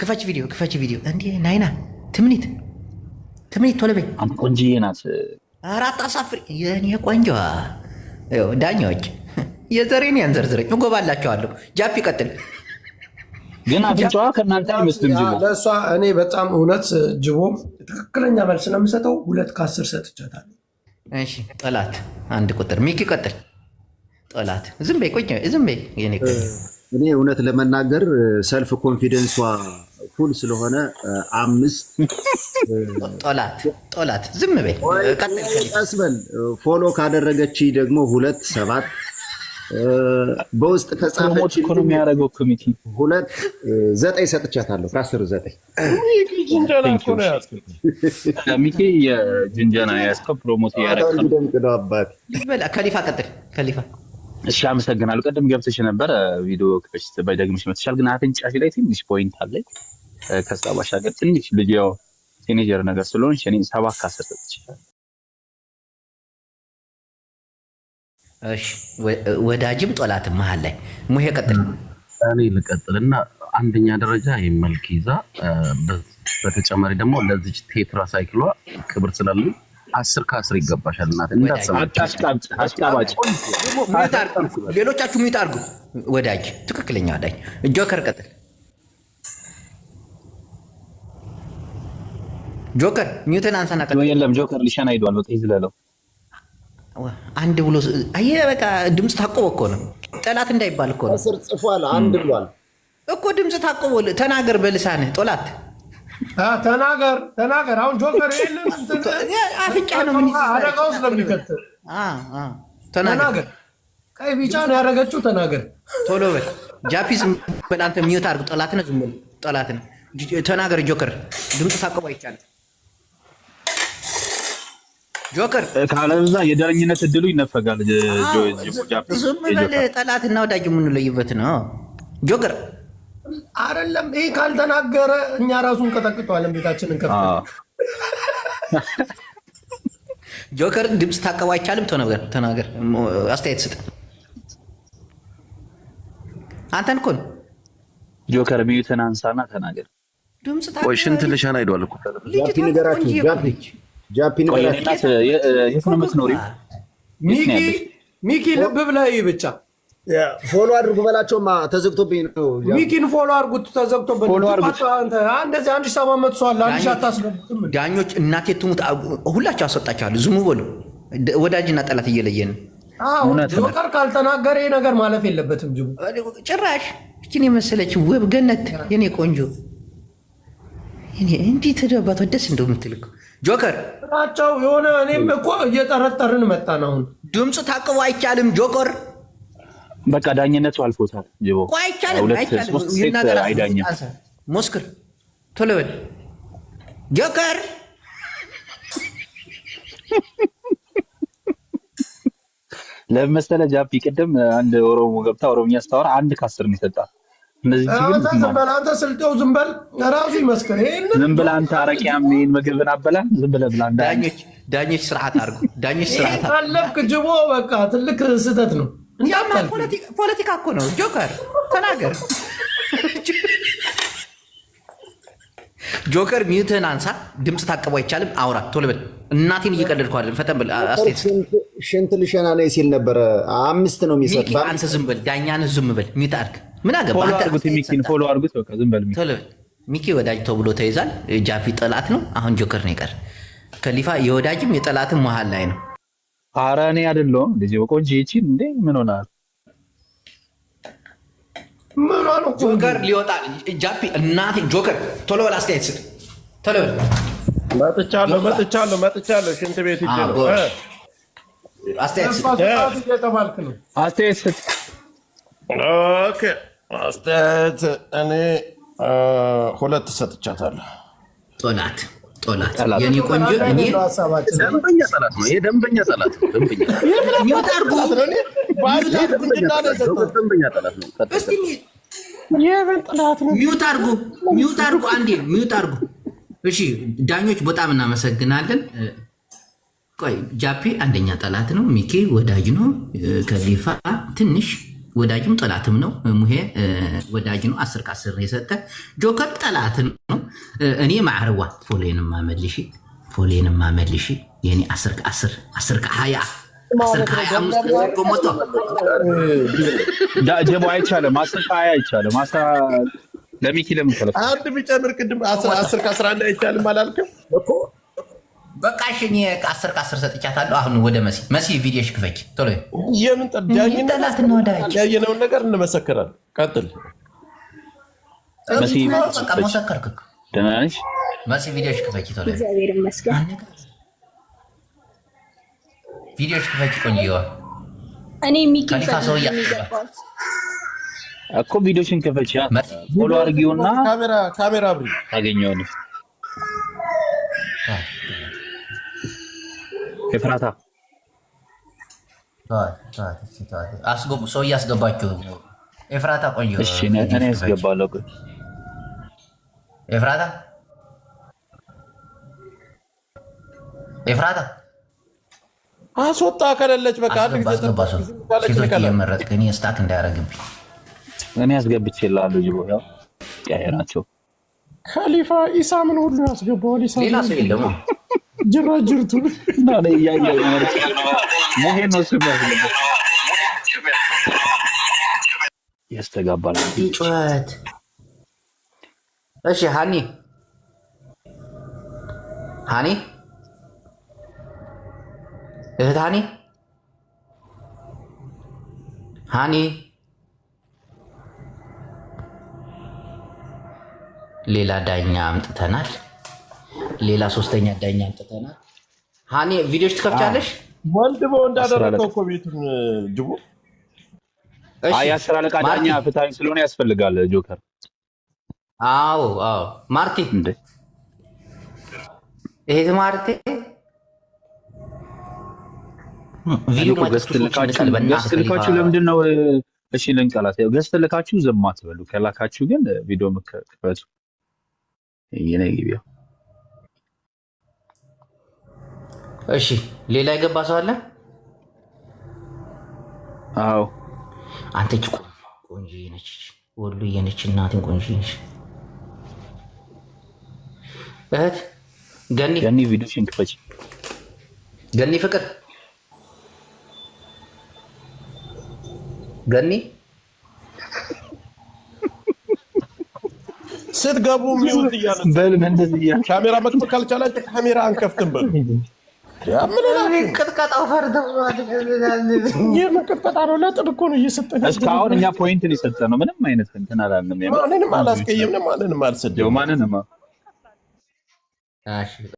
ክፈች ቪዲዮ ክፈች ቪዲዮ። እንዴ ናይና ትምኒት ትምኒት ቶሎ በይ። አንተ ቆንጅዬ ናት። ኧረ አታሳፍሪ የኔ ቆንጆ። ዳኛዎች የዘሬን ያንዘርዝረኝ እጎባላቸዋለሁ። ጃፕ ይቀጥል። ግን አፍንጫዋ ከእናንተ አይመስልም። ጅቦ ለእሷ እኔ በጣም እውነት ጅቦ ትክክለኛ መልስ ነው የምሰጠው። ሁለት ከአስር ሰጥቻታለሁ። እሺ ጠላት አንድ ቁጥር ሚኪ ቀጥል። ጠላት ዝም በይ ቆይ፣ ዝም በይ እኔ እውነት ለመናገር ሰልፍ ኮንፊደንሷ ፉል ስለሆነ አምስት ጦላት ጦላት ዝም በይ ቀስበል ፎሎ ካደረገች ደግሞ ሁለት ሰባት በውስጥ ከጻፈች የሚያደርገው ኮሚቴ ሁለት ዘጠኝ ሰጥቻታለሁ። ከአስር ዘጠኝ ሚኬ የጅንጀና ያስከው ፕሮሞት ያደረግ ከሊፋ ቀጥል ከሊፋ እሺ አመሰግናለሁ። ቀደም ገብተሽ የነበረ ቪዲዮ ክፈች ባይደግምሽ መትሻል፣ ግን አፍንጫሽ ላይ ትንሽ ፖይንት አለ። ከዛ ባሻገር ትንሽ ልጅ ያው ቲኔጀር ነገር ስለሆንሽ እኔ ሰባ ካሰጠ ትችላል። እሺ ወዳጅም ጠላትም መሀል ላይ ሙሄ ቀጥል። እኔ ልቀጥል እና አንደኛ ደረጃ የመልክ ይዛ በተጨማሪ ደግሞ ለዚች ቴትራ ሳይክሏ ክብር ስላለ አስር ከአስር ይገባሻል። እናት ሌሎቻችሁ ሚውት አድርጉ። ወዳጅ ትክክለኛ ወዳጅ ጆከር ቀጥል። ጆከር ኒውተን አንሳና ቀጥል። የለም ጆከር ሊሸና ሄዷል። በቃ ይዝለለው አንድ ብሎ አየ በቃ ድምፅ ታቆበ እኮ ነው። ጠላት እንዳይባል እኮ ነው። ጽፏል አንድ ብሏል እኮ ድምፅ ታቆበ። ተናገር በልሳንህ ጦላት ተናገር ተናገር። አሁን ጆከር የለም አፍንጫ ነው አደጋ ውስጥ ለሚከትል ተናገር። ቀይ ቢጫ ነው ያደረገችው። ተናገር ቶሎ በል ጃፒስ በል አንተ ሚዩት አድርግ። ጠላት ነው ዝም በል ጠላት ነው። ተናገር ጆከር። ድምፅ ታቀቡ አይቻልም። ጆከር ካለዛ የዳኝነት እድሉ ይነፈጋል። ዝም በል ጠላትና ወዳጅ የምንለይበት ነው ጆከር አይደለም ይህ ካልተናገረ እኛ ራሱን ቀጠቅጠዋለን። ቤታችንን ከፍ ጆከር ድምፅ ታቀቡ አይቻልም። ተናገር፣ አስተያየት ስጥ። አንተን እኮ ነው ጆከር ሚዩትን አንሳና ተናገር። ሽንት ልሻን አይደዋል እኮ ጃፒ ንገራችሁ። ጃፒ ንገራችሁ። የት ነው የምትኖሪው? ሚኪ ሚኪ ልብ ብለህ ብቻ ፎሎ አድርጉ በላቸውማ። ተዘግቶብኝ ነው። ዊኪን ፎሎ አድርጉት ተዘግቶብኝ። እንደዚህ አንድ ሺህ ሰባት መቶ ሰው አለ። አንድ ሺህ አታስገቡትም። ዳኞች እናቴ ትሙት ሁላቸው አስወጣችኋል። ዝሙ በሉ። ወዳጅና ጠላት እየለየን ጆከር ካልተናገረ ነገር ማለፍ የለበትም። ጅቡ ጭራሽ እችን የመሰለች ውብ ገነት የኔ ቆንጆ እንዲህ ተደባቷ ደስ እንደው የምትልክ ጆከር ራቸው የሆነ እኔም እኮ እየጠረጠርን መጣን። አሁን ድምፁ ታቅቦ አይቻልም ጆከር በቃ ዳኝነቱ አልፎታል። አይዳኝም። ሞስክር ቶሎ በል ጆከር ለምን መሰለህ ጃፒ፣ ቅድም አንድ ኦሮሞ ገብታ ኦሮምኛ ስታወር አንድ ከአስር ነው የሰጣት። እነዚህ አንተ ስልጤው ዝም በል ራሱ ይመስክር። ዝም ብለህ አንተ አረቂያም ይህን ምግብን አበላህ። ዝም ብለህ ብላ። ዳኞች ስርዓት አድርጉ። ዳኞች ስርዓት አለብክ ጅቦ። በቃ ትልቅ ስህተት ነው። ፖለቲካ እኮ ነው። ጆከር ተናገር። ጆከር ሚዩትህን አንሳ። ድምፅ ታቅቦ አይቻልም። አውራ ቶሎ በል። እናቴን እየቀለድኩ አይደለም። ፈጠን በል። ሽንት ልሸና ነ ሲል ነበረ። አምስት ነው የሚሰጥ። አንተ ዝም በል። ዳኛን ዝም በል። ሚዩት አድርግ። ምን አገባህ? ፎሎ ሚኪ ወዳጅ ተብሎ ተይዛል። ጃፒ ጠላት ነው። አሁን ጆከር ነው ይቀር። ከሊፋ የወዳጅም የጠላትም መሀል ላይ ነው። ኧረ እኔ አይደለሁም እንደዚህ በቆንጆ ይቺን እንዴ ምን ሆናል? ጆከር ሊወጣ ጃፒ እናቴ ጆከር ቶሎ በል አስተያየት ስጥ። ቶሎ በል መጥቻለሁ፣ መጥቻለሁ፣ መጥቻለሁ። ሽንት ቤት ይዤ ነው። አስተያየት ስጥ፣ አስተያየት ስጥ። ኦኬ አስተያየት እኔ ሁለት ሰጥቻታለሁ። ጦናት ጠላት የኔ ቆንጆ ደንበኛ ጠላት ነው። ደንበኛ ነው። ደንበኛ ነው። ሚውት አድርጉ፣ አንዴ ሚውት አድርጉ። እሺ ዳኞች በጣም እናመሰግናለን። ቆይ ጃፒ አንደኛ ጠላት ነው። ሚኬ ወዳጅ ነው። ከሊፋ ትንሽ ወዳጅም ጠላትም ነው። ሙሄ ወዳጅ ነው። አስር ከአስር ነው የሰጠ። ጆከር ጠላት ነው። እኔ ማዕርዋ ፎሌንም ማመልሺ ፎሌንም ማመልሺ የኔ አስር ከአስር አስር ከሀያ አስር ከሀያ አምስት ሞቶ ጀቦ አይቻልም። አስር ከሀያ አይቻልም። ለሚኪ ለምን አንድ ቢጨምር ቅድም አስር ከአስራ አንድ አይቻልም አላልክም እኮ በቃ እኔ ከአስር ከአስር ሰጥቻታለሁ። አሁን ወደ መሲ መሲ ቪዲዮሽ ክፈች ቶሎ። የምን ጠብዳኝነት ያየነውን ነገር እንመሰክራል። ቀጥል መሰከርክ። ደህና ነሽ መሲ? ቪዲዮሽ ክፈች ቶሎ። ቪዲዮሽ ክፈች ቆንጆዋ። እኔ ከሊፋ ሰው እያስባት እኮ ቪዲዮሽን ክፈች። ሎ አርጊውና ካሜራ አብሪ ታገኘዋለሽ ኤፍራታ ሰው እያስገባችሁ ኤፍራታ ቆዩ። እኔ ያስገባለሁ። ኤፍራታ ኤፍራታ አስወጣ ከሌለች በቃ ሴቶች እየመረጥክ እኔ ስታክ እኔ አስገብቼ ናቸው። ከሊፋ ኢሳምን ሁሉ ያስገባዋል? ሌላ ሰው የለም። ጅራጅርቱን ያስተጋባል። ጩኸት እሺ፣ ሀኒ ሀኒ እህት ሀኒ ሀኒ ሌላ ዳኛ አምጥተናል። ሌላ ሶስተኛ ዳኛ አንጥተናል። ሀኒ ቪዲዮች ትከፍቻለሽ። ወንድ በወንድ አደረገው እኮ ቤቱን ጅቡ የአስር አለቃ ዳኛ ፍትሐዊ ስለሆነ ያስፈልጋል። ጆከር አዎ፣ አዎ። ማርቲ ይሄ ማርቲ ስልካችሁ ልካችሁ ለምንድን ነው? እሺ ልንቀላት ገስት ልካችሁ ዝም አትበሉ። ከላካችሁ ግን ቪዲዮ ክፈቱ። መክፈቱ ይነ እሺ ሌላ የገባ ሰው አለ? አዎ አንተ እጅ ቆንጆ ነች፣ ወሉ የነች እናትን ቆንጆ ነች። እህት ገኒ ገኒ ቪዲዮ ሽንክፈች ገኒ ፍቅር ገኒ ስትገቡ ሚውት እያለ በል እንደዚህ ካሜራ መክፈት ካልቻላችሁ ካሜራ አንከፍትም በል ቅጥቀጣው ቅጥቀጣ ነው። ለጥድ እኮ ነው እየሰጠን እስካሁን እኛ ፖይንት ሊሰጠ ነው። ምንም አይነት እንትን አላልንም። ማንንም አላስቀየምንም። ማንንም አልሰደውም። ማንንም